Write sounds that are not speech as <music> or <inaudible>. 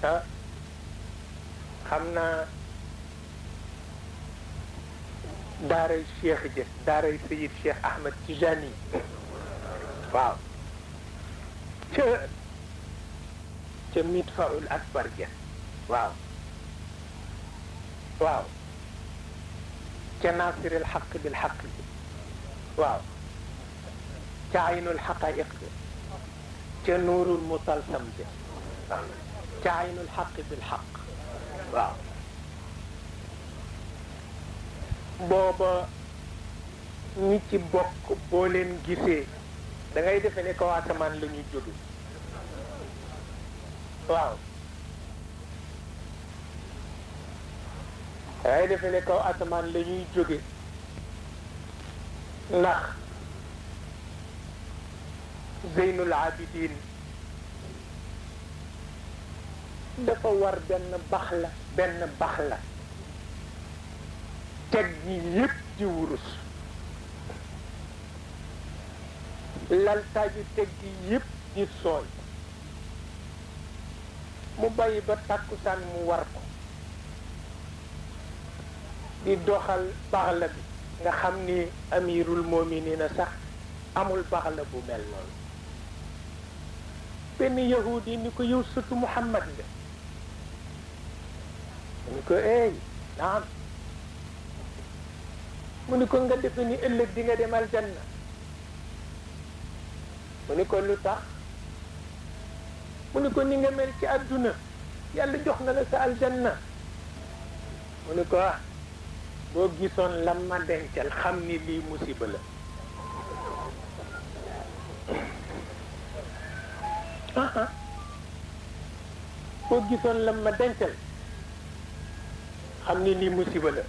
พระคำนาดาร์เชคเจดาร์ซีดเชคอัลมัดจิจานีว้าวเชื่อจะมิดฟาอุลอักบาร์เจว้าวว้าว كناصر الحق بالحق واو كعين الحقائق كنور المطلسم كعين الحق بالحق بابا نيتي بوك بولين جيسي دا غاي ديفاني كو اتمان لا ني جودو واو غاي ديفاني كو اتمان لا ني جوغي نخ زين العابدين dafa war benn bax la benn bax la teg gi yépp di wurus laltaaju teg gi yépp di sooy mu bàyyi ba tàkkusaan mu war ko di doxal bax la bi nga xam ni amirul mominina sax amul bax la bu mel noonu benn yahudi ni ko yow sëtu Muhammad nga ni ko eey eh, naam mu ni ko nga defe ni ëllëg di dem aljanna mu ni ko lu sax mu ni ko ni nga mel ci àdduna yàlla jox na la sa aljanna mu ni ko ah, boo gisoon la ma dencal xam ni lii musiba la <laughs> ah, ah. boo gisoon la ma dencal xam ni lii musiba la